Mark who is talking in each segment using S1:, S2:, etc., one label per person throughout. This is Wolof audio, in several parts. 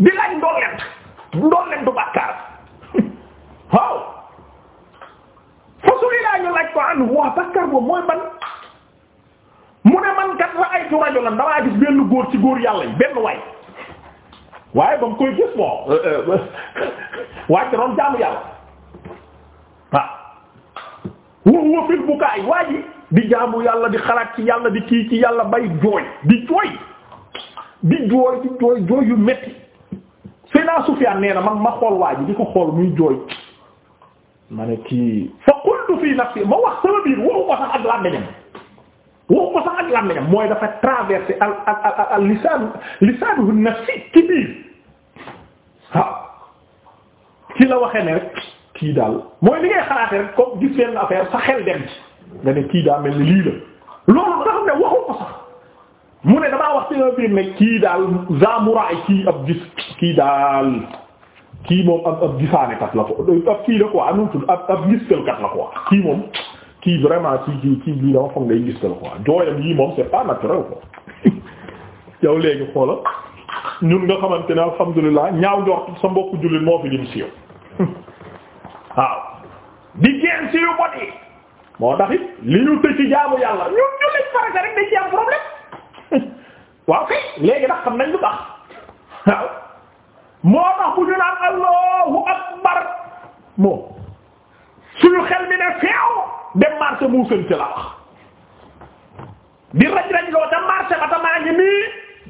S1: di laaj ndollent ndollentu bàkkaar waaw fasu li laa ñu laaj ko an waa bàkkaar boobu mooy ban mu ne man kat ra'aytu rajulan damaa gis benn góor ci góor yàlla yi benn waay waaye ba mu koy gis bon euh, euh, waaye doon jaamu yàlla waaw wa huwa fil bukaay waa ji di jaamu yàlla di xalaat ci yàlla di kii ci yàlla bay jooy di jooy di jooy di jooy jooy yu metti Seydina Sufyaan nee na man ma xool waa ji ko xool muy jooy ma ne kii fa qultu fii nafsi ma wax sama biir waxu sax ak làmmiñam waxu mooy dafa traversé al al al lisaan lisaanuhu nafsi ci biir waaw ci la waxee ne rek kii daal mooy li ngay rek comme gis leen affaire sa xel dem ci nga ne kii daa mel ni lii la loolu nga xam ne waxu ko sax. mu ne damaa wax ci biir ne kii daal zamuraay kii ab gis kii daal kii moom ab ab gisaanekat la ko ab kii la quoi anutul ab ab gistalkat la quoi kii moom kii vraiment kii kii kii lii dama foog ngay gistal quoi jooyam yii moom c'est pas naturel quoi yow léegi xoola ñun nga xamante ne alhamdulilah ñaaw njort sa mbokku jullit moo fi lim siiw waaw di génn siiw bon yi moo tax it li ñu tëj ci jaamu yàlla ñun jullit farata rek dañ ci am problème waaw kay léegi nag xam nañ lu tax waaw moo tax bu ñu naan allahu akbar moom suñu xel mi ne feew dem marché muusante la wax di raj raj loo ta marché ba ta maa ngi nii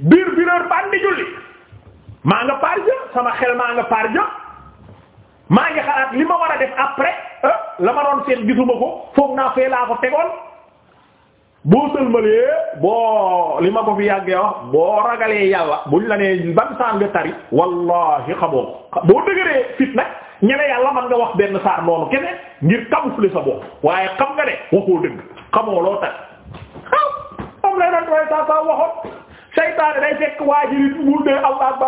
S1: biir biréer baan di julli maa nga par ja sama xel maa nga par ja maa ngi xalaat li ma war a def après euh, la ma doon seet gisuma ko foog naa fee ko tegoon boo sëlmalee boo li ma ko fi yàggee wax boo ragalee yàlla buñ la nee ban saar nga tari wallahi xamoo boo dëgëree fit nag yàlla man nga wax benn saar noonu kese ngir camoufler sa bopp waaye xam nga de waxoo dëgg xamoo loo tari am lay nan tooy saa saa waxoon seytaane day fekk waa ji li mu dee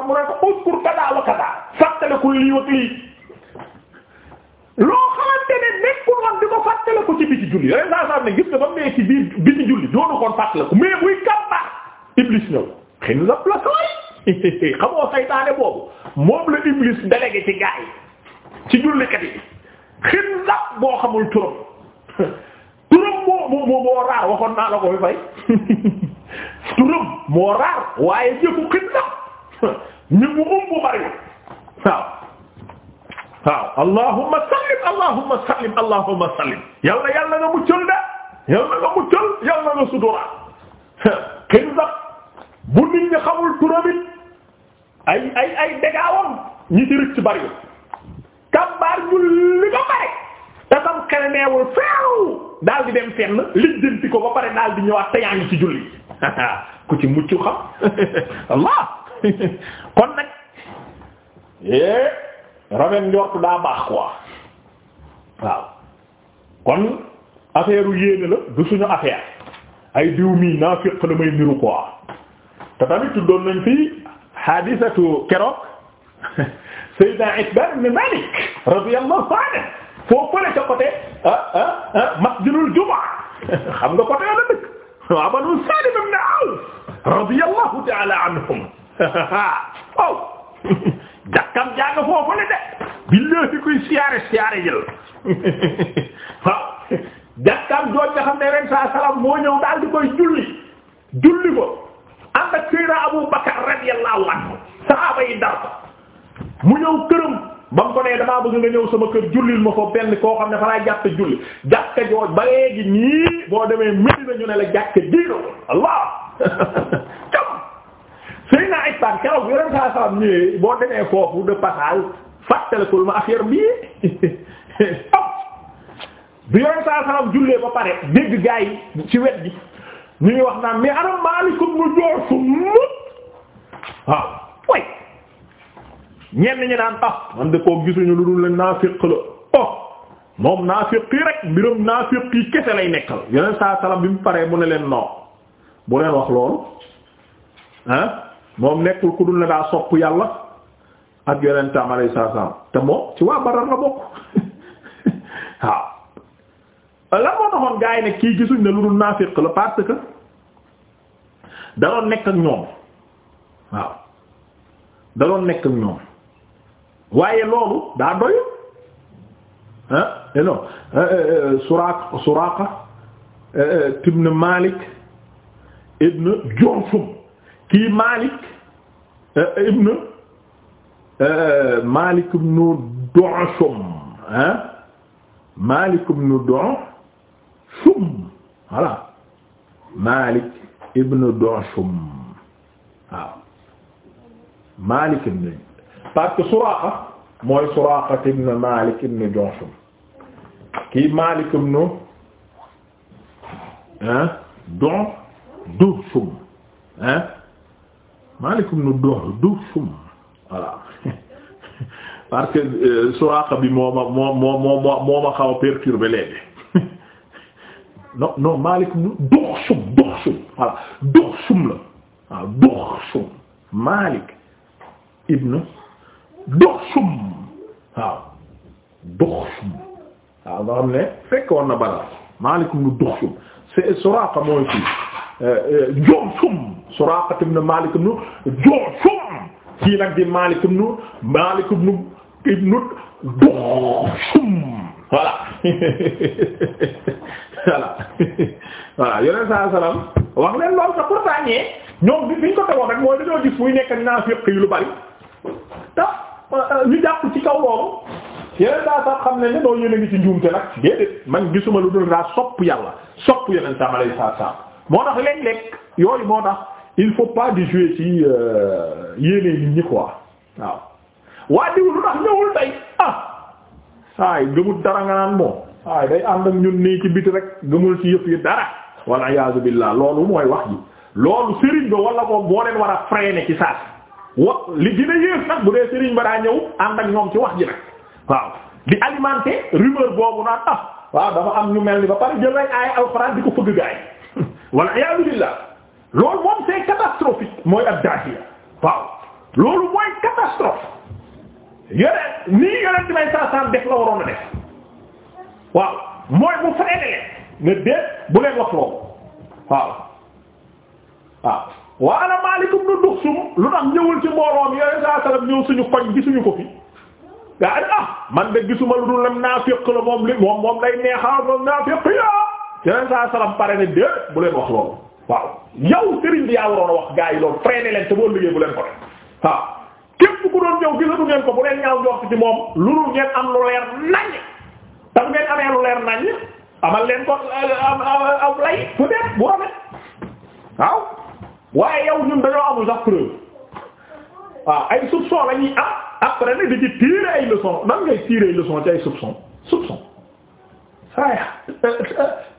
S1: mu ne ko uskur kadaa wa kadaa ku lii wa lii xamante ne nekkul woon di ko fàttaliku ci biti julli yeneen saa saa ne gis nga ba mu nekk ci biir biti julli doonu koon fàttaliku mais buy kàmbaar iblis ñëw xëy na la plaçay xamoo saytaane boobu moom la iblis délégué ci gaay ci jullikat yi xin lap boo xamul turam turam moo moo moo raar waxoon naa la ko fi fay turam moo raar waaye jëfu xin lap ñu mu um bari waaw waaw allahumma sallim allahumma sallim allahumma sallim yàlla yàlla nga muccal da yàlla nga muccal yàlla nga sutura xinzab bu nit ñi xamul turamit ay ay ay dégaawam ñi ci rëcc bari kàbbaar julli ba pare te sam xel neewul feew daal di dem fenn lijjanti ko ba pare daal di ñëwaat te yaa ci julli ku ci mucc xam allah kon nag eh, rafet njort daa baax quoi waaw kon affaire u yéene la du suñu affaire ay diw mii naa féq la may niru quoi te tamit tuddoon nañ fii hadisatu keroog Sayyidina Itbaan ibn Maalik radiyallahu anhu foo fële ca côté ah ah ah masjidul jumaa xam nga côté la dëkk waa Banu Saalim ibn Awf radiyallahu ta'ala anhum waaw jàkkam jàng foofu le de billahi kuy siyaare siyaare jël jàkkam jooj nga xam ne ren saa salaam moo ñëw daal di koy julli julli ko ànd ak Seydina Abu Bakar radiyallahu anhu saxaaba yi dar ko mu ñëw këram ba mu ko ne damaa bëgg nga ñëw sama kër jullil ma ko benn koo xam ne fa laay jàpp julli jàkka jooj ba léegi nii boo demee Medina ñu ne la jàkka diina ko keroog yeneen saa saa ñëwee boo demee foofu de passage fàttalikul ma affaire bii bi yeneen saa saa jullee ba pare dégg gaa yi ci wet gi ñu ngi wax naan mais ana Maalik ibn Jursum waaw way ñenn naan ah man de koo gisuñu lu dul la naafiq la oh moom naa yi rek mbiram naafiq yi kese lay nekkal yeneen saa salaam bi mu paree mu ne leen non bu leen wax loolu ah. moom nekkul ku dul ne daa sopp yàlla ak yonentam alayhi salaam te moom ci waa Badar la bokk waaw lan moo taxoon gaa yi ne kii gisuñ ne lu dul naafiq la parce da doon nekk ak ñoom waaw da doon nekk ak ñoom waaye loolu daa doy ah non Suraaqa eh, eh, Suraaqa ibn Malik ibn kii Malik euh, ibn euh, Malik ibn Du'shum ah Malik ibn Du'shum voilà Malik ibn Du'shum waaw Malik ibn parce que Suraqa mooy Suraqa ibn Malik ibn Du'shum kii Malik ibn ah Du'shum ah Malik ibn Duhshum voilà parce que euh, Suraaqa bi moo ma moo moo moo moo ma xaw a perturbé léegi non non Malik ibn Duhshum Duhshum voilà Duhshum waaw Duhshum Malik waaw nga xam ne fekkoon na balaa Malik ibn Duhshum c'est Suraaqa mooy fii Ju'shum Suraaqa ibn Maalik ibn Ju'shum kii nag di Maalik ibn Maalik ibn ibn Duxsum voilà voilà voilà yeneen saa salaam wax leen loolu sax pourtant ñee ñoom bi ñu ko tegoon rek mooy dañoo gis muy nekk naafiq yu lu bari tax euh, ñu jàpp ci kaw loolu yeneen saa sax xam ne ne doo yéen a ngi ci njuumte nag déedéet man gisuma lu dul daa sopp yàlla sopp yeneen saa saa saa. moo tax léeg-léeg yooyu moo tax il faut pas di jouer ci euh, yéene ñi quoi waaw waa diw lu ñëwul tey ah saay gëmul dara nga naan moom saay day ànd ak ñun nii ci biti rek gëmul ci yëpp yi dara walla iyaazu billaah loolu mooy wax ji loolu sëriñ ba wala moom boo leen war a freiner ci saas wa li gën a nag bu dee sëriñ ba daa ñëw ànd ak ñoom ci wax ji nag waaw di alimenter rumeur boobu naan ah waaw dafa am ñu mel ni ba pare jël ay aaya di ko fëgg wala iyaazu billah loolu moom c'est catastrophique mooy ab daaxiya waaw loolu mooy catastrophe yore nii yore di may saasaan def la waroon a def waaw mooy bu freiné leen nga déet bu leen wax loolu waaw waaw wa ana Maalik ibn Duxsum lu tax ñëwul ci mbooloo mi yore ñëw suñu koñ gisuñu ko fi daa ah man de gisuma lu dul naafiq la moom li moom moom lay neexal moom naafiq yaa yeneen saa salaam pare ne de bu leen wax loolu waaw yow sëriñ bi yaa waroon wax gaa yi loolu freiné leen te boo liggéey bu leen ko def waaw képp ku doon ñëw gisatu ngeen ko bu leen ñaaw jox ci moom lu dul ngeen am lu leer naññ tax ngeen amee lu leer naññ amal leen ko euh, aw lay fu dee bu rafet waaw waaye yow ñun dañoo amul sax preuve waaw ay soupçon la ñuy am après ne di ci tirer ay nan ngay tirer leçon ci ay soupçon soupçon saay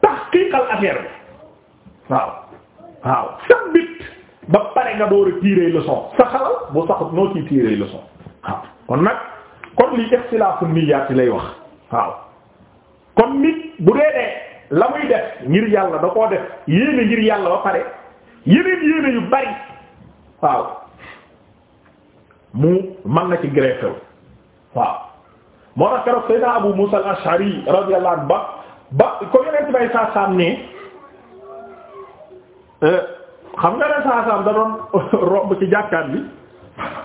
S1: tahqiqal affaire bi waaw waaw sabit ba pare nga door a tirer leçon sa xalal boo saxut noo ciy tirer leçon waaw kon lay wax waaw kon nit bu dee dee la muy def ngir yàlla da koo def yéene ngir yàlla ba pare yeneen yéene yu bari waaw mu mën na ci greffew waaw moo tax keroog Seydina Abu Musa al-Ash'ari radiyallahu anhu ba ba ko yeneen bay saa saam ne euh, xam nga ne saa da doon romb ci jàkkaat bi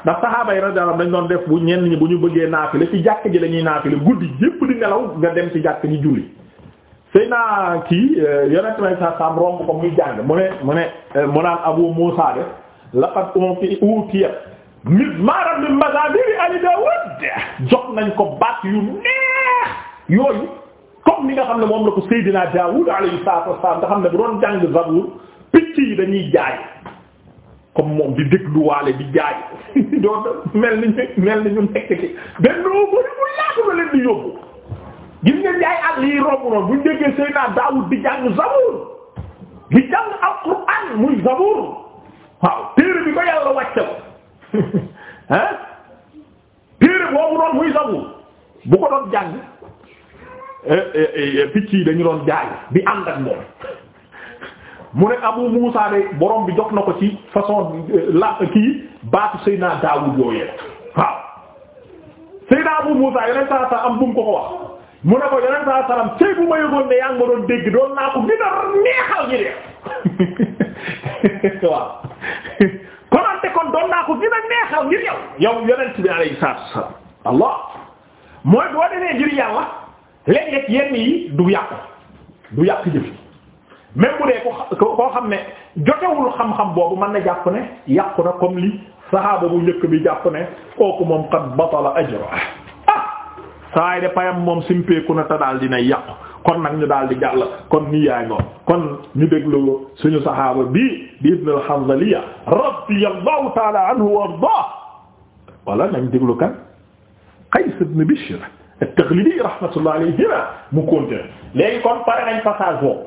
S1: ndax saxaaba yi radiyallahu anhum dañ doon def bu ñi bu ñu bëggee naafile ci jàkk ji lañuy ñuy naafile guddi yépp di nelaw nga dem ci jàkk ji julli Seydina kii euh, yeneen bay saa saam romb ko muy jàng mu ne mu ne euh, mu naan Abu Musa de laqad uti utiyat a min mazamiri ali Daawud jox nañ ko baat yu neex yooyu comme ni nga xam ne moom la ko Seydina Daawud alayhi salaatu wassalaam nga xam ne bu doon jàng Zabuur yi dañuy jaay comme moom di dégluwaale di jaay doon mel ni ñu mel ni ñu nekk ci benn bëri bu yaatu la leen di yóbbu gis nga jaay ak lii romb noonu bu ñu Seydina Daawud di jàng Zabuur di jàng alquran muy Zabuur waaw téere bi ko Yàlla wàcce ko ah téere boobu doon muy Zabuur bu ko doon jàng eh, eh, eh, picc yi dañu doon jaay bi ànd ak moom mu ne Abu Muusa de borom bi jox na ko ci façon la kii baatu Seydina Daawud yooyee waaw Seydina Abu Muusa yeneen saa saa am bu ko ko wax mu ne ko yeneen saa salaam cëy bu ma yëgoon yaa ngi ma doon dégg doon naa ko gën neexal gi de waaw. kon doon naa ko gën a neexal ngir yow yow yonent bi alayhi salaatu allah mooy boo defee ngir yàlla léeg-léeg yenn yi du yàq du yàq jëf même bu dee ko xam ne jotewul xam-xam boobu mën na jàpp ne yàqu na comme li saxaaba bu njëkk bi jàpp ne kooku moom qad batala ajra ah saa de payam moom simpeeku na te daal dina yàqu kon nag ñu daal di jàll kon nii yaay ngoon kon ñu suñu saxaaba bii di ibn al-Hanzaliya radiyallahu ta'ala anhu wa wala nañ déglu kan Qays ibn Bishr at-Taghlibi rahmatullah alayhima mu continué léegi pare nañ passage boobu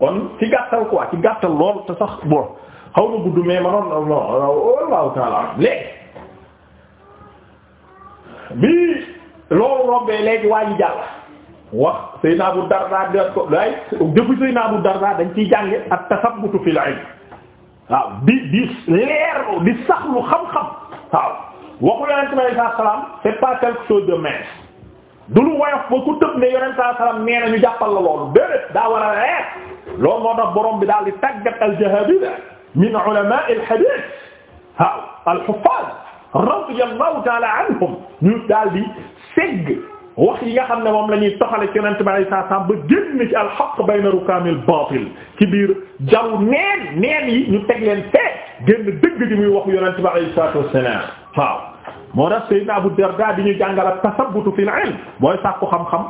S1: kon ci gàttal quoi ci gàttal lool te sax bon xaw ma gudd mais manoon wallahu ta'ala léegi bi loolu rombee léegi waa ji wax Seydina Abu Darda de ko lay jëfu Seydina Abu Darda dañ ciy jànge ak tasabbutu fil ilm waaw di di leer di saxlu xam-xam waaw waxu yonent bi alayhi salaam c'est pas quelque chose de mince du lu woyof ba ku tëb ne yonent saa salaam nee na ñu jàppal la loolu déedéet daa war a leer loolu moo tax borom bi daal di tàggat al-jahaabira min ulamaa al-hadiis waaw al-huffaaz radiyallahu ta'ala anhum ñu daal di segg. wax yi nga xam ne moom la ñuy toxale ci yonent bi alayhi salaam ba génn ci alxaq bayna rukaamil baatil ci biir jaru neen neen yi ñu teg leen fee génn dëgg di muy wax yonent bi alayhi salaatu wassalaam waaw moo tax Seydina Abu Darda di ñu jàngal ak tasabbutu fil ilm booy sàkku xam-xam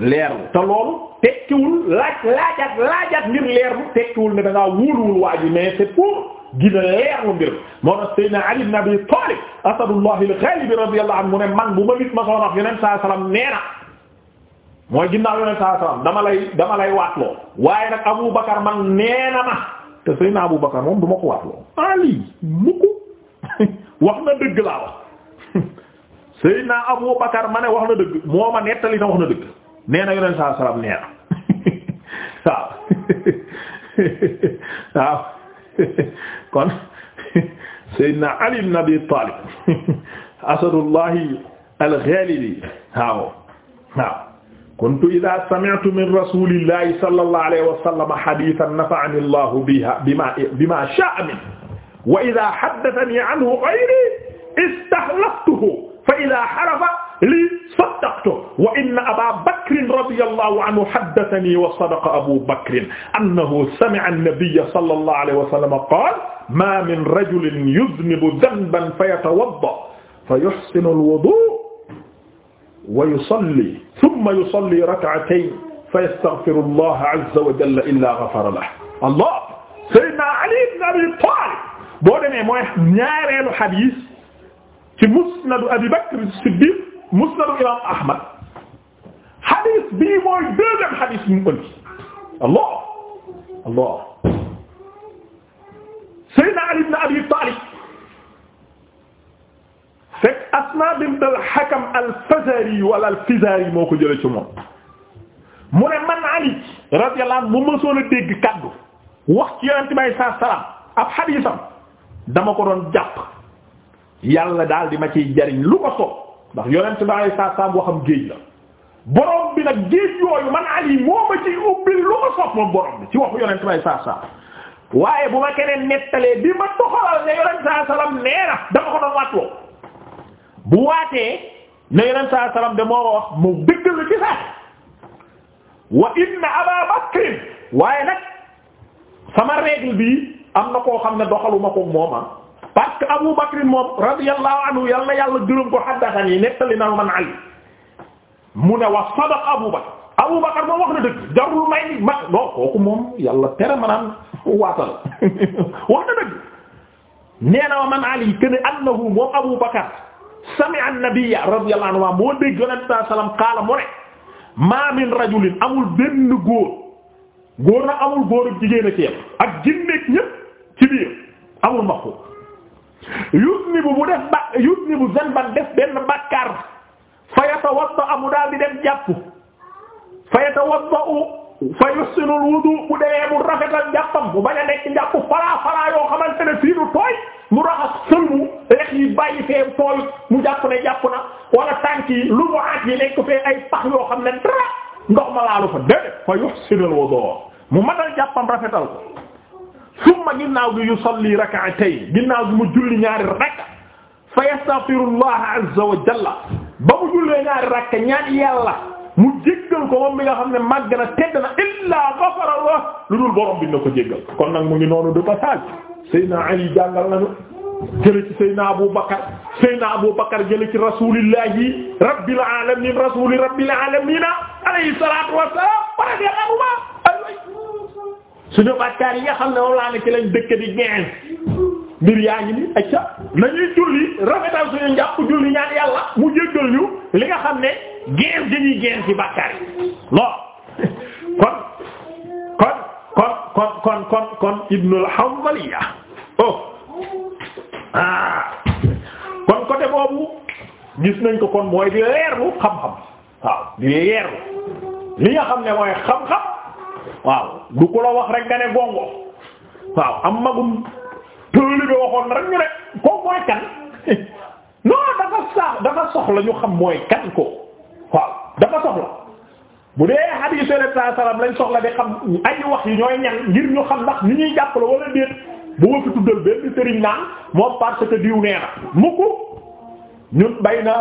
S1: leeru te loolu tekkiwul laaj laajat laajat ngir leerlu tekkiwul ne da ngaa wóoluwul waa ji mais c'est pour gina leerlu moo tax Seydina Ali ibn Abi Talib asadullahi al-ghalib radiyallahu anhu mu ne man bu ma nit ma soxna Yonent sallallahu alayhi wasallam nee na mooy ginnaaw Yonent sallallahu alayhi wasallam dama lay dama lay waatloo waaye nag Abu Bakar man nee ma te Seydina Abu Bakar moom du ko waatloo Ali mukku wax na dëgg laa wax Seydina Abu Bakar ma ne wax na dëgg moo ma nettali na nee na yoneen saa salaam nee na waaw waaw kon Seydina Ali ibn Abi Talib asadullahi al-ghalibi waaw waaw kuntu idha sami'tu min rasulillahi sallallahu alayhi wa sallam hadithan nafa'ani Allahu biha bima bima sha'a min wa idha haddathani anhu ghayri istahlaftuhu fa idha harafa li saddaqtu wa inna aba bakrin radiyallahu anhu haddathani wa sadaqa abu bakrin annahu sami'a an-nabiyya sallallahu alayhi wa sallam qala ma min rajulin yudhnibu dhanban fayatawadda fayuhsinu al-wudu' wa yusalli thumma yusalli rak'atayn fayastaghfiru allaha azza wa jalla illa ghafara lahu allah sayyidina ali ibn abi talib boo demee mooy ñaareelu hadith ci musnad abi bakr as-siddiq musnad imam ahmad hadith bii mooy deuxième hadith mu ëndi allah allah sayyidina ali ibn abi talib fekk asma bint al-hakam al al-fizari moo ko jëlee ci moom mu ne man ali radiyallahu anhu bu mësoon a dégg kaddu wax ci yonente bay sa salam ab haditham dama ko doon jàpp yàlla daal di ma ciy jariñ lu ko soob ndax yonent ba ay saa saam waxam géej la borom bi nag géej yooyu man ali moo ma ci ubbil lu ma sopp moom borom bi ci waxu yonent ba ay saa saam waaye bu ma keneen nettalee bi ma toxalal ne yonent saa salaam nee na dama ko doon waat bu waatee ne yonent saa salaam de wax mu dëggal ci sax waaye nag sama règle bi am na koo xam ne doxaluma ko mooma ah. que Abu Bakr moom radiyallahu anhu yal na yàlla gërëm ko haddathani nettali na man Ali mu ne wa sadaq Abu Bakr Abu Bakr moom wax na dëgg jarul may ma non kooku moom yàlla tere ma naan waatal wax na dëgg nee na man Ali que ne annahu moom Abu Bakr sami'a an-nabiyya radiyallahu anhu moo dégg Yonent sallallahu alayhi wasallam qaala mu ne ma min rajulin amul benn góor góor na amul góor ak jigéen a ci yem ak jinneeg ñépp ci biir amul maqu yus ni bu mu def ba yus ni bu zanban def benn bàkkaar fa yatawadda amu daal di dem jàpp fa yatawadda fa yusinul wudu bu dee mu rafetal njàppam bu bañ a nekk njàpp falaa falaa yoo xamante ne fii du tooy mu raxas sëlmu lekk yi bàyyi fee tooy mu jàpp ne jàpp na wala tànk yi lu mu aat yi nekk fee ay pax yoo xam ne dara ndox ma laalu fa déedéet fa yusinul wudu mu matal jàppam rafetal ko summa ginnaaw gi yusalli rak'atayn ginnaaw gi mu julli ñaari rakka fa yastaghfirullah azza wa jalla ba mu jullee ñaari rakka ñaan yàlla mu jéggal ko moom mi nga xam ne màgg na tedd na illaa ghafara Allah lu dul borom bi na ko jéggal kon nag mu ngi noonu de passage Seydina Ali jàngal nañu jële ci Seydina Abu Bakar Seydina Abu Bakar jële ci rasulillahi rabbil alamin rasuli rabbil alamin alayhi salatu wassalam suñu bàkkaar yi nga xam ne moom laa ne ci lañ dëkk di ñeent mbir yaa ngi ni acca nañuy julli rafetal suñu njàpp julli ñaan yàlla mu jéggal ñu li nga xam ne geen dañuy geen ci bàkkaar yi lool kon kon kon kon kon kon kon ibnul oh. ah. côté boobu gis nañ ko kon mooy di leerlu xam-xam waaw di leerlu li nga xam ne mooy xam-xam waaw du ko la wax rek nga ne gongo waaw am magum tëli bi waxoon rek ñu ne ko mooy kan non dafa sax dafa soxla ñu xam mooy kan ko waaw dafa soxla bu dee hadith sallallahu alayhi lañ soxla di xam ay wax yi ñooy ñan ngir ñu xam ndax ñu ñuy jàppale wala déet bu ma fi tuddal benn sëriñ naan moom parce que diw nee na mukk ñun bayna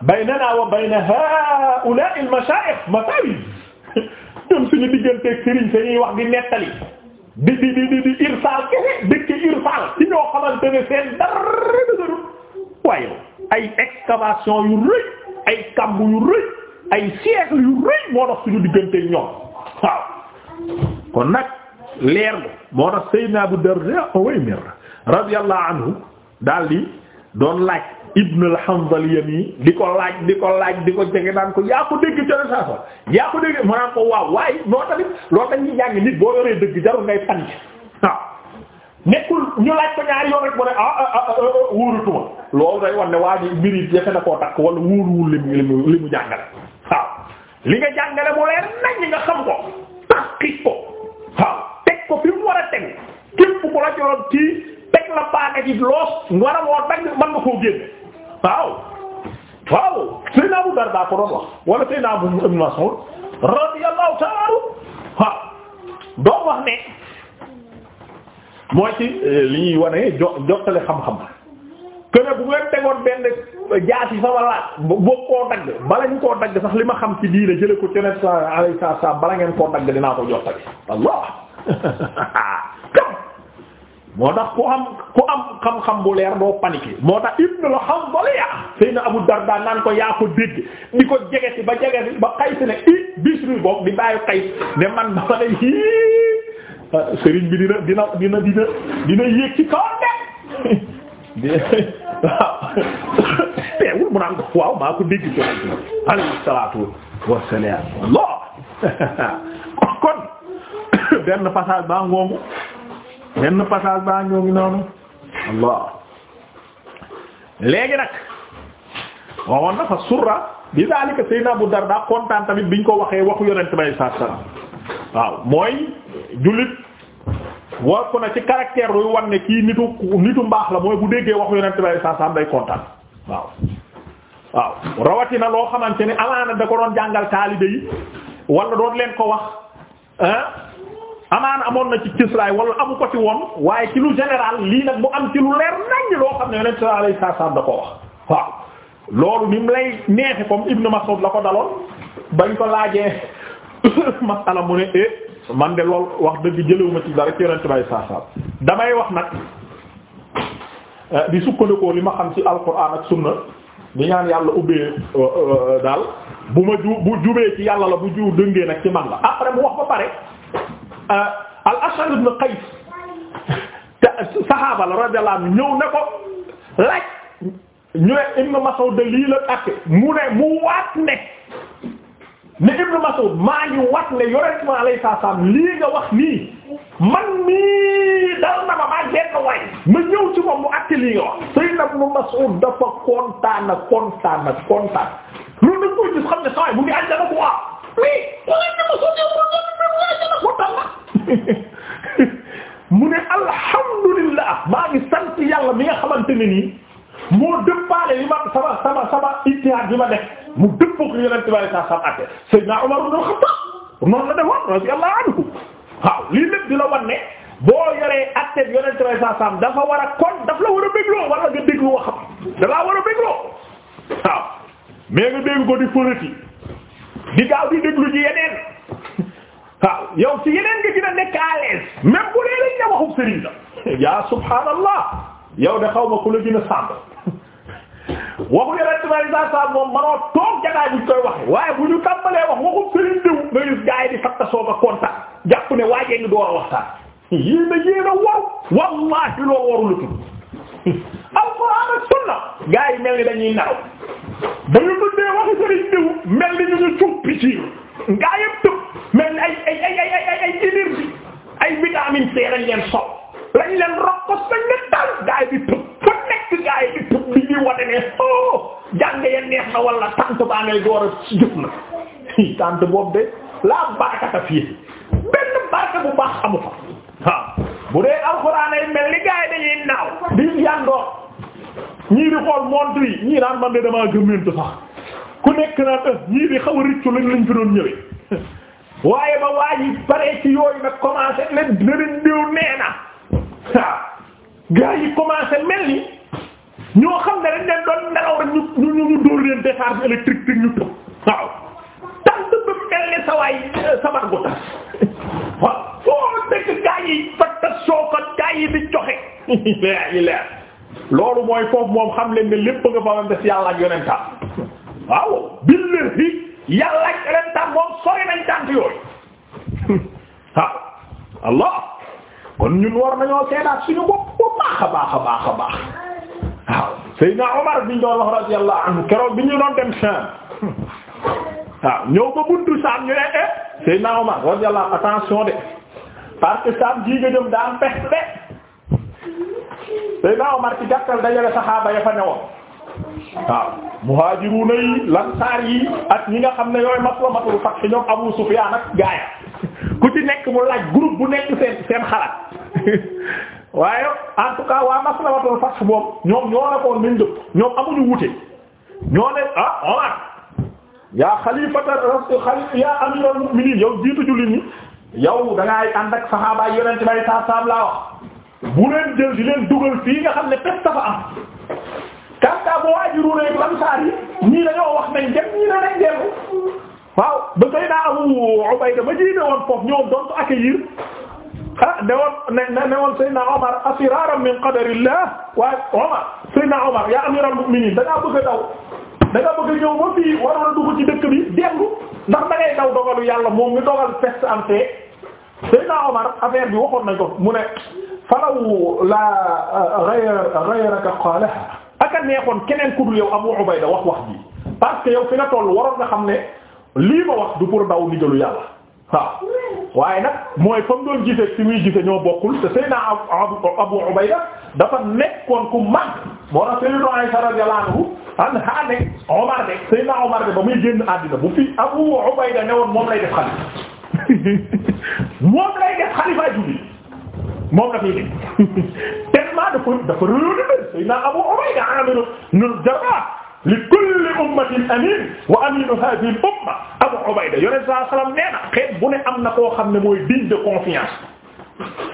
S1: baynana wa bayna ha'ula'i al-mashayikh masawi ñun suñu digganteeg sëriñ dañuy wax di nettali di di di di di irsaal kese dëkk irsaal ci ñoo xamante ne seen dara dëgëru waaye ay excavation yu rëy ay kamb yu rëy ay siècle yu rëy moo tax suñu digganteeg ñoom waaw kon nag leerlu moo tax Seydina Abu Darda Uwaymir radiyallahu anhu daal doon laaj. ibn al-Hanzaliya mi di ko laaj di ko laaj di ko jege naan ko yaa ko dégg coro saa sa yaa ko dégg mu naan ko waaw waaye noo tamit loolu dañuy jàng nit boo yoree dëgg jarul ngay fan waaw nekkul ñu laaj ko ñaari yoon rek mu ne ah, ah, ah, ah wóorutuma loolu day waa ji mbir yi na koo takk wala wóoruwul limu limu li mu jàngale waaw li nga jàngale mu leer nañ nga xam ko taxqiq ko waaw teg ko fi mu war a teg képp ko la joroon ci teg la paaka ci loos war a moo dagg mën koo génne waaw waaw Seydina Abu Darda ko doon wax wala Seydina Abu Ibn Mas'ud radiyallahu ta'ala anhu waaw doon wax ne mooy ci eh, li ñuy wane jo jottale xam-xam kene bu ngeen tegoon benn jaasi sama laaj boo koo dagg bala ñu koo dagg sax li ma xam ci diine jële ko ci Nabi sallallahu alayhi wasallam bala ngeen koo dagg dinaa ko jottale Allah moo tax ku am ku am xam-xam bu leer doo paniqué moo tax ibnul Hanzaliya Seydina Abu Darda naan ko yaa ko dégg di ko jege si ba jege si ba Qays ne i Bisri boog di bàyyi Qays ne man dama ne i sëriñ bi dina dina dina dina dina yéeg ci kaw de mu naan benn passage baa ngoomu benn passage baa ñoo ngi noonu allah léegi nag waxoon na fa surra bi daalika Seydina Abu Darda kontaan tamit biñ ko waxee waxu yonent bay saa salaam waaw mooy jullit war na ci caractère luy wan ne kii nitu nitu mbaax la mooy bu déggee wax yonent bay saa salaam day kontaan waaw waaw rawatina loo xamante ne alaana da ko doon jàngal taalibe yi wala doon leen ko wax ah amaan amoon na ci kislaay wala amu ko ci woon waaye ci lu général lii nag mu am ci lu leer nañ loo xam ne yonent sallallahu alayhi wasallam da ko waaw loolu ni mu lay neexe comme Ibn Mas'ud la ko daloon ko laajee masala mu eh, man de lool wax dëgg jëlewuma ci dara ci yonent sallallahu damay wax nag eh, di sukkandikoo li ma xam ci alquran ak sunna di ñaan yàlla ubbee eh, daal bu ma ju bu jubee ci yàlla la bu ju dëngee nag ci man la après mu wax ba pare Euh, al Ash'ar ibn Qays te saxaaba la radiyallahu anhu ne ko laaj ñu ne Ibn Mas'ud de lii la mu ne mu waat ne ne Ibn Mas'ud maa ngi waat ne yonent ma alayhi salaam lii nga wax nii man mii dal na ma maa genn waay ma ñëw ci moom mu àtte lii nga wax Sayyidna Ibn Mas'ud dafa kontaan na kontaan na kontaan loolu dañ koy xam ne saa yi mu ngi àjjana quoi mais da ngeen di ma soññal pour nga dem na mu ne alhamdulillah maa ngi sant yàlla mi nga nii moo dëppaale li ma sama sama sama ijtihaad bi ma def mu dëppoo Yonent bi sallallahu alayhi wa sallam àtte Umar ibn noonu la defoon radiyallahu anhu waaw lii lépp di la wan ne boo yoree àtte Yonent bi sallallahu alayhi dafa war a kon daf la war a bégloo wala nga déglu waxam da war a bégloo waaw mais nga dégg ko di fërëti. di gaaw di déglu yeneen waaw yow ci yeneen nga gën a nekk à l'aise même bu dee dañ ne waxub sëriñ la subhaanallah yow de xaw ma ku la gën a waxu yeneen tubaab saa saa moom manoo toog jataay buñ waaye bu ñu tàmbalee di fatta soog a kontaan ne waajee ngi door a waxtaan yéen a yéen a waru wallahi loo waru alquran ak sunna gaa yi mel ni dañuy naaw dañu tuddee waxi sëriñ diw mel ni ñu ngi cuppi ci gaa yëpp tëb mel ay ay ay ay ay ay jinir ay vitamine C lañ leen lañ leen rokkos lañ leen dal gaa tëb fa nekk gaa yi tëb di ñuy wate ne o oh, jàng ya neex na wala tante baa ngay door a jëf na tante boobu de la barkata fii benn barka bu baax amu fa bu dee alquran ay mel ni ñii di xool montre yi ñii man de damaa gëmmentu sax ku nekk naan eh, ñii di xaw a rëccu lañ lañ fi doon ñëwee waaye ba waa ji paree ci yooyu nag commencé leen dina leen na waaw gaa yi commencé mel ni ñoo xam ne dañ leen doon nelaw rek ñu ñu ñu ñu dóor leen décharge électrique ñu tëb waaw tant ba mel ni sa waay eh, sabar gu waaw foo dëkk gaa yi fa tas soo ko gaa yi di joxe loolu mooy foofu moom xam leen ne lépp nga fa des yàlla ak yonentam waaw billahi yàlla ak yonentam moom sori nañ tànt yooyu waaw allah kon ñun war nañoo seetaat suñu bopp bu baax a baax a baax a baax waaw Seydina Omar biñ doon wax radiyallahu anhu keroog bi ñu doon dem Sham waaw ñëw ba buntu Sham ñu ne eh Seydina Omar radiyallahu attention de parce que Sham jii nga jëm daa am peste de Seydina Omar ci gàttal dajale saxaaba ya fa newoon waaw muhaajiruuna yi lansaar yi ak ñi nga xam ne yooyu maslamatul fath ñoom Abu Sufyaan ak nekk mu laaj groupe bu nekk seen seen xalaat en tout cas waa maslamatul fath boobu ñoom ñoo amuñu wute ñoo ne ah Omar yaa xalifata rasul yaa amiirul yow jiitu jullit ñi yow da ngay ànd ak saxaaba yonent bay sa sam laa wax bu leen jël di leen dugal fii nga xam ne pes dafa am kanta bu waajiru rek lansaar yi ñii dañoo wax nañ dem ñii ne nañ dellu waaw ba tey naa Abu Ubayda ba jiite woon foofu ñoom doon ko accueillir ah ne woon ne ne woon Seydina Omar asiraran min qadarillah waaye Omar Seydina Omar yaa amiral mu'minin da ngaa bëgg a daw da ngaa bëgg a ñëw ba fii waroon a dugg ci dëkk bi dellu ndax da ngay daw dogalu yàlla moom mi dogal pes am fee Seydina Omar affaire bi waxoon nañ ko mu ne falaw laa euh, ghayraka qaalaha aka neexoon keneen ku dul yow Abu Ubayda wax wax ji parce que yow fi nga toll waroon xam ne lii ma wax du pour daw ndigalu yàlla waaw waaye nag mooy fa mu doon gisee fi muy gisee ñoo bokkul te Seydina Abu Ubayda dafa nekkoon ku mag moo tax Seydina Aisha radiyallahu anhu anha ne Omar de Seydina Omar de ba muy génn àddina bu fi Abu Ubayda ne woon moom lay def xalifa moom lay def xalifa julli moom la fiy dégg tellement dafa dafa réunir Seydina Abu Ubayda Aamir ibn Jarraah li kulli ummatin amin wa aminu hadhihi al umma Abu Ubayda yonent saa salaam nee na xeet bu ne am na koo xam ne mooy digne de confiance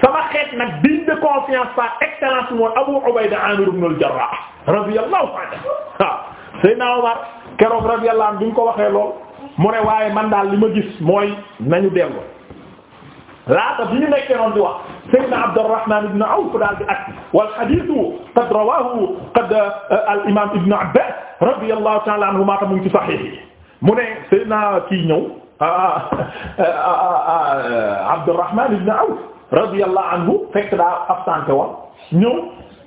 S1: sama xeet nag digne de confiance par excellence mooy Abu Ubayda Aamir ibn al-Jarrah radiyallahu anhu waaw Seydina Omar keroog radiyallahu anhu bi ñu ko waxee lool mu waaye man daal li ma gis mooy nañu dellu laata bi ñu nekkee noonu di wax Seydina Abdurrahman ibn Awf daal di ak wal hadith qad rawahu qad uh, al imam Ibn Abbas radiyallahu ta'ala anhuma mu ngi ci sahih yi mu ne Seydina kii ñëw ah, ah, ah, Abdurrahman ibn Awf radiyallahu anhu fekk daa absenté woon ñëw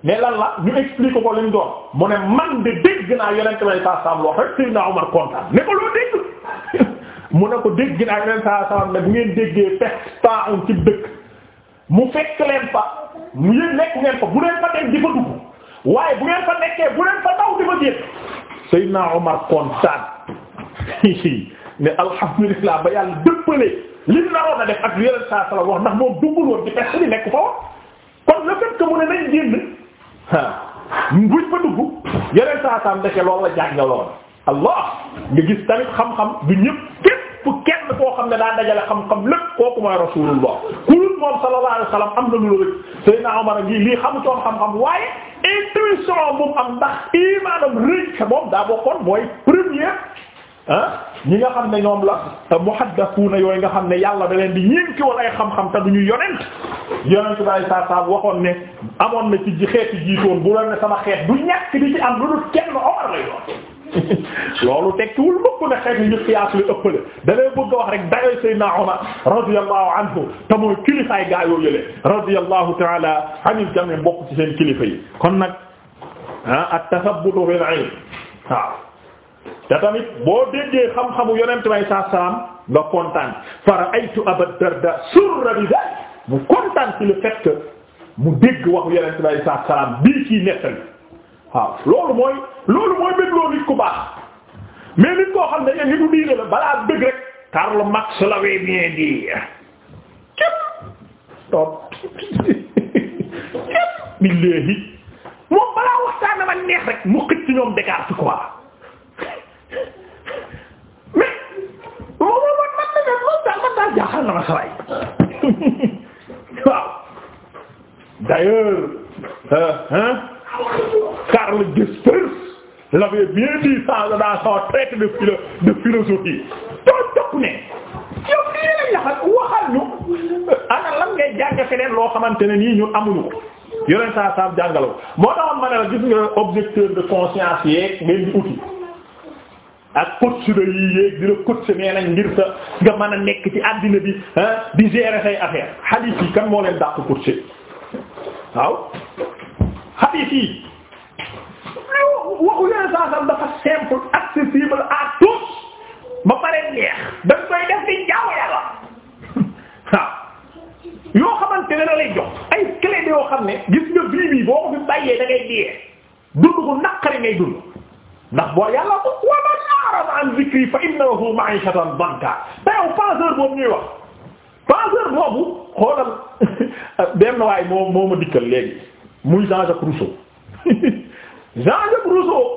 S1: mais lan la ñu expliqué ko liñ doon mu ne man de dégg naa yonent bay sa sam loo rek Seydina Umar kontaan ne ko loo dégg mu ne ko dégg naa leen saa bu ngeen déggee peste pas un ci dëkk mu fekk leen fa mu yéen nekk ngeen fa bu leen fa dem di fa dugg waaye bu ngeen fa nekkee bu leen fa daw di fa génn Seydina Omar kontaan ne alhamdulilah ba yàlla dëppale li naroon a def ak yeneen saa salaam wax ndax moom duggul woon ci peste bi nekk fa woon kon le fait que mu ne nañ génn ah buñ fa dugg yeneen saa salaam ndeke loolu la Allah nga gis xam-xam du ñëpp képp kenn koo xam ne daa dajale xam-xam lépp kooku mooy rasulullah kulul moom sallallahu alayhi wasallam am na lu la rek Seydina Omar ngi lii xamu toon bu mu am ndax imaanam rëy moom daa bokkoon mooy premier ah ñi nga xam ne ñoom la muhaddasuna yooyu nga xam ne yàlla da leen di ñeenti woon ay xam-xam te duñu yonent yonent bi sallallahu alayhi wasallam waxoon ne amoon na xeet xeeti jiitoon bu doon ne sama xeet du ñàkk di ci am lu dul kenn lay doon loolu tekkiwul mukk ne xëy na ñu xiyaas lu ëppale da ngay bëgg a wax rek dayoy Seydina Omar radiyallahu anhu te mooy kilifaay gaa yoo yële ta'ala anil jami bokk ci seen kilifa yi kon nag ah at-tasabbutu fil boo déggee xam-xamu yonent bi salaam nga kontaan fa ra'aytu Aba Darda surra bi mu kontaan ci le mu dégg waxu yonent bi salaam bii ciy loolu mooy. loolu mooy bégloo nit ku baax mais nit koo xam ne nitu diine la balaa bëgg rek Karl Marx l'avait bien dit képp moom balaa waxtaan dama neex rek mu xëcc ci ñoom Descartes quoi mais moom moom man na ne moom daal man daal jaaxal na ma saway waaw d'ailleurs euh, hein Karl l'avait bien dit ça dans son traité de philo de philosophie too topp ne yow lii lañ la xam waxal ñu ana lan ngay jàng feneen loo xamante ne nii ñun amuñu ko yeneen saa saaf jàngale ko moo taxoon ma la gis nga objecteur de conscience yeeg ngeen di uti ak coach de yii yéeg di la coach ngir sa nga mën a nekk ci àddina bi di gérer say affaire hadith yi kan moo leen dàq coach waaw hadith yi waxu yeneen saa saam dafa simple accessible à tous ba pare neex dañ koy def di jaamu yàlla yoo xamante ne ay clé yoo xam ne gis nga bii boo fi bàyyee da ngay diyee dund ko naqari ngay dund ndax boo yàlla ko wa man a'rada an zikri fa innahu ma'ishatan danka te yow penseur boobu ñuy wax penseur boobu xoolal benn waay moo moo ma dikkal léegi muy Jean-Jacques Rousseau Jean-Jacques Rousseau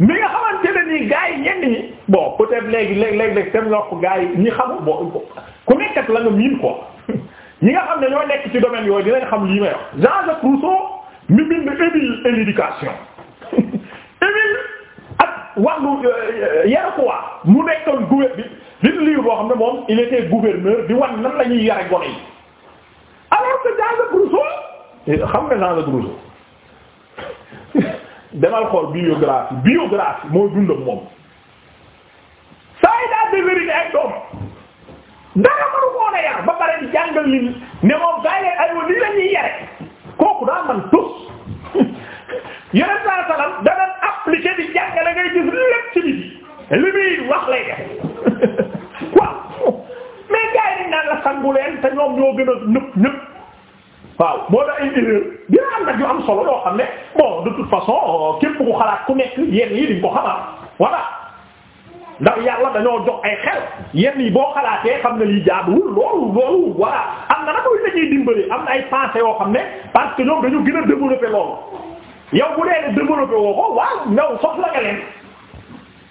S1: mi nga xamante ne nii gars yi ñenn ñi bon peut-être léegi léeg-léeg tam nga wax gars yi ñi xamul bon la nga miin quoi ñi nga xam ne ñoo nekk ci domaine yooyu dinañ xam lii may wax Jean-Jacques Rousseau mi bind Émile et l'éducation Émile ak wàllu euh, yar quoi mu nekkoon gouver bi bind livre boo xam ne moom il était gouverneur di wan nan la ñuy yare gone yi alors que Jean-Jacques Rousseau xam nga Jean-Jacques Rousseau demal xool biographie biographie moo dundam moom saa yi daa dévérité ay doom dara mënu koo la yar ba pare di jàngal li ne moom gaa yi aywa lii la yare kooku daa man tus yeneen saa salaam da doon appliquer jàngale ngay gis lépp ci biti li muy wax lay def waaw mais gaa waaw moo tax ay dina am nag yu am solo yoo xam ne bon de toute façon euh, képp ku xalaat ku nekk yenn yi di ko xamal voilà ndax yàlla dañoo jox ay xel yenn yi boo xalaatee xam ne lii jaaduwul loolu loolu voilà am na nag lu dañuy dimbali am na ay pensées yoo xam ne parce que ñoom dañu gën a développer loolu yow bu dee développer woo ko waaw ñoom soxla nga leen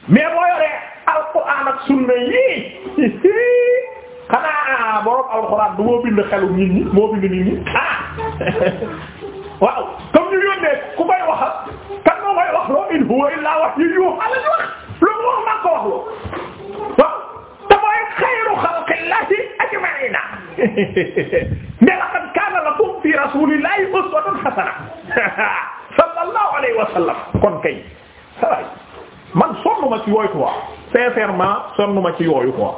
S1: mais boo yoree alxuraan ak sunna yi xanaa ah, borom alxuraan du moo bind xelu nit ñi moo bind nit ñi ah waaw comme ñu yónnee ku koy waxal kan moo koy wax loo in huwa illaa wahyun yuuhaa la ñu wax loolu wax maa ko wax loo waaw te mooy xayru xalqillaahi ajma'iina ne laqad kaana lakum fii rasuulillaahi uswatun hasana sallallahu alayhi wa sallam kon kay man sonn ma ci yooyu quoi sincèrement sonn ma ci yooyu quoi.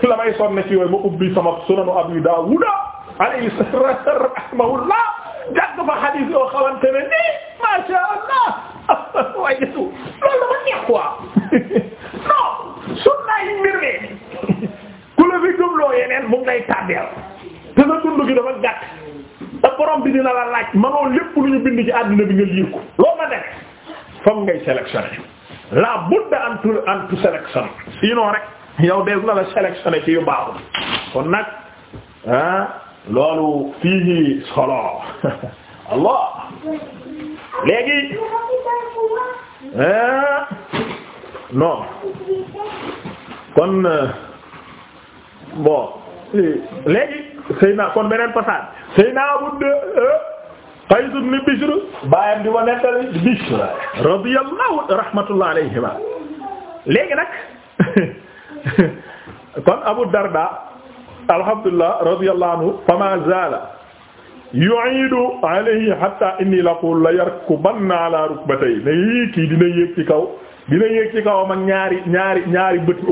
S1: la may sonne ci yooyu ma ubbi sama sunanu Abi Daawuda alayhi rahimahullah jàkk fa xadiis yoo xamante ne ma masha Allah wajitu loolu dama neex quoi non sunna yi mbir mi ku la fi jumloo yeneen mu ngi lay tàddeel te sa gi dafa gàtt te borom bi dina la laaj ma manoo lépp lu ñu bind ci àdduna bi nga liir loo ma def foog ngay sélectionner la budda an tu an tu sélectionner yow des na la sélectionné ci yu kon nag ah loolu fii solo allah léegi ah, non kon euh, bon léegi kon beneen passage a Abu euh, Qays ibn Bishr bàyyam di ma nettal Bishr radiyallahu rahmatullah alayhima léegi nag kon Abu Darda alhamdulillah radiyallahu anhu fama zala yu'idu alayhi hatta inni laqul la yarkubanna ala rukbatay ne yii kii dina yéeg ci kaw dina yéeg ci kawam ak ñaari ñaari ñaari bëti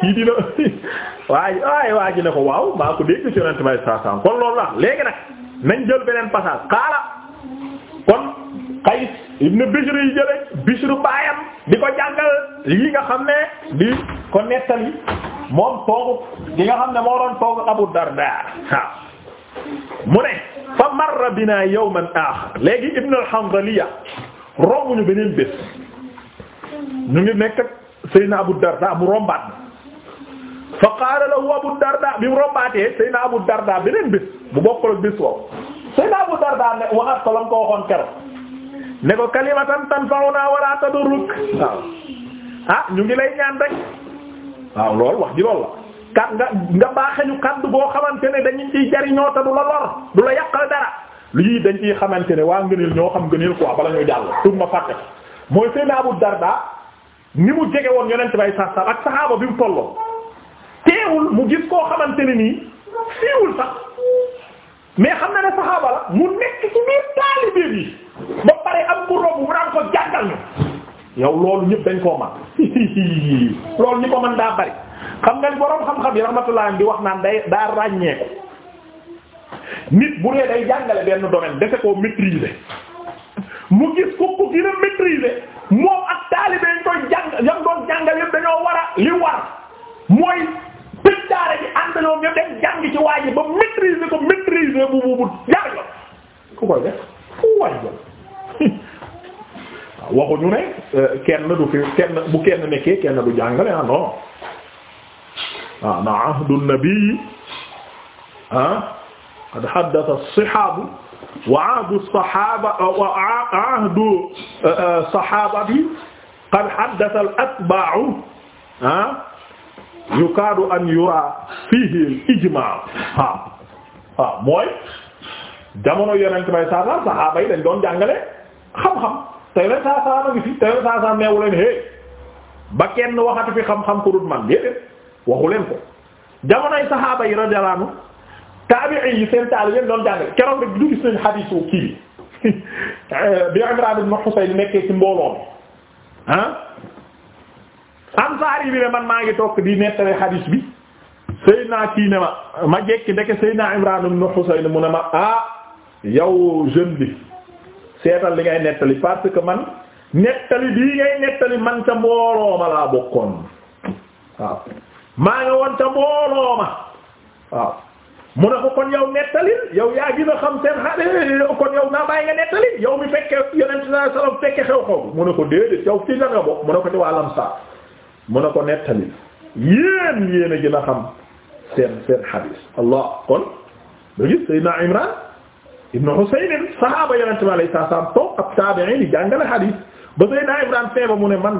S1: kii dina waay waay waa ji ne ko waaw maa ko dégg ci yonent may saasaam kon loolu la léegi nag nañ jël beneen passage xaala kon Qays ibn Bishr yi jële Bishr baayam di ko jàngal yi nga xam ne di ko nettali moom toogu gi nga xam ne moo doon toogu Abu Darda waaw mu ne fa marra bina yawman aaxar léegi Ibn al-Hanzaliya rombuñu beneen bés ñu ngi nekk Seydina Abu Darda mu rombaat fa qaala lahu Abu Darda bi mu rombaatee Seydina Abu Darda beneen bés bu bokkul ak bés woowu Seydina Abu Darda ne waxaat ko la ko waxoon keroog ne ko kalimatan tanfa'una wa la tadurruk ah ñu ngi lay ñaan rek waaw loolu wax ji loolu la kat nga nga baaxe ñu kaddu boo xamante ne dañu ciy jariñoo te du la lor du la yàqal dara lii dañ ciy xamante ne waa ngëneel ñoo xam ngëneel quoi bala ñuy jàll pour ma fàtte mooy seen Abu Darda ni mu jege woon yonent bay sax sax ak saxaaba bi mu tolloo teewul mu gis koo xamante ne nii siiwul sax mais xam na saxaaba la mu nekk ci biir taalibe bi ba pare am bu romb mu daan ko jàngal ñu yow ñëpp dañ koo mën. loolu ñi ko mën daa bari xam nga ni boroom xam-xam yi rahmatullah di wax naan day daa ràññeeku nit bu dee day jàngale benn domaine defe koo maîtriser mu gis ko ko gën a maîtriser moom ak taalibe ñu koy jàng yam doon jàngal yëpp dañoo war a li war mooy pëccaare bi ànd ñoom ñëpp jàng ci waa ji ba maîtriser ko maîtriser bu bu bu jar yoon ku koy def ku way yoon waxuñu ne euh, kenn du fi kenn bu kenn nekkee kenn du jàngale ah non waaw ah, na ahdu nabi ah qad haddatha as-sahaabu wa ahdu as-sahaaba wa ahdu as-sahaabati euh, euh, qad haddatha al-atbaa'u ah yukaadu an yuraa fiihi al-ijmaa' waaw waaw mooy jamono yonent bay saaba sahaaba yi dañ doon jàngale xam-xam te yeneen saa saa ma ngi fi ba kenn waxatu fi xam-xam ko dut man déedéet waxu leen ko jamonoy saxaaba yi radiyallahu anhu yi seen taal yéen doon jàngale keroog rek du gis nañu xadiisu kii bi bi Imraan ibn Husayn nekkee ci mbooloo mi ah. Ansaari bi ne man maa ngi toog di nettale xadiis bi Seydina kii ne ma ma jekki ndeke Seydina Imraan ibn Husayn mu ne ma ah yow jeune bi. seetal li ngay nettali parce que man nettali bii ngay nettali man ca mbooloo ma laa bokkoon waaw maa nga woon ca mbooloo waaw mu ne ko kon yow nettali yow yaa gën a xam seen eh, yow naa bàyyi nga nettali ko déedéet yow ci ko ci xadiis allah kon lu gis Seydina Imran ibnu Husayn saxaaba yonent bi alayhi salaam toog ab taabi'i di jàngale xadiis ba Seydina Ibrahima feeba mu ne man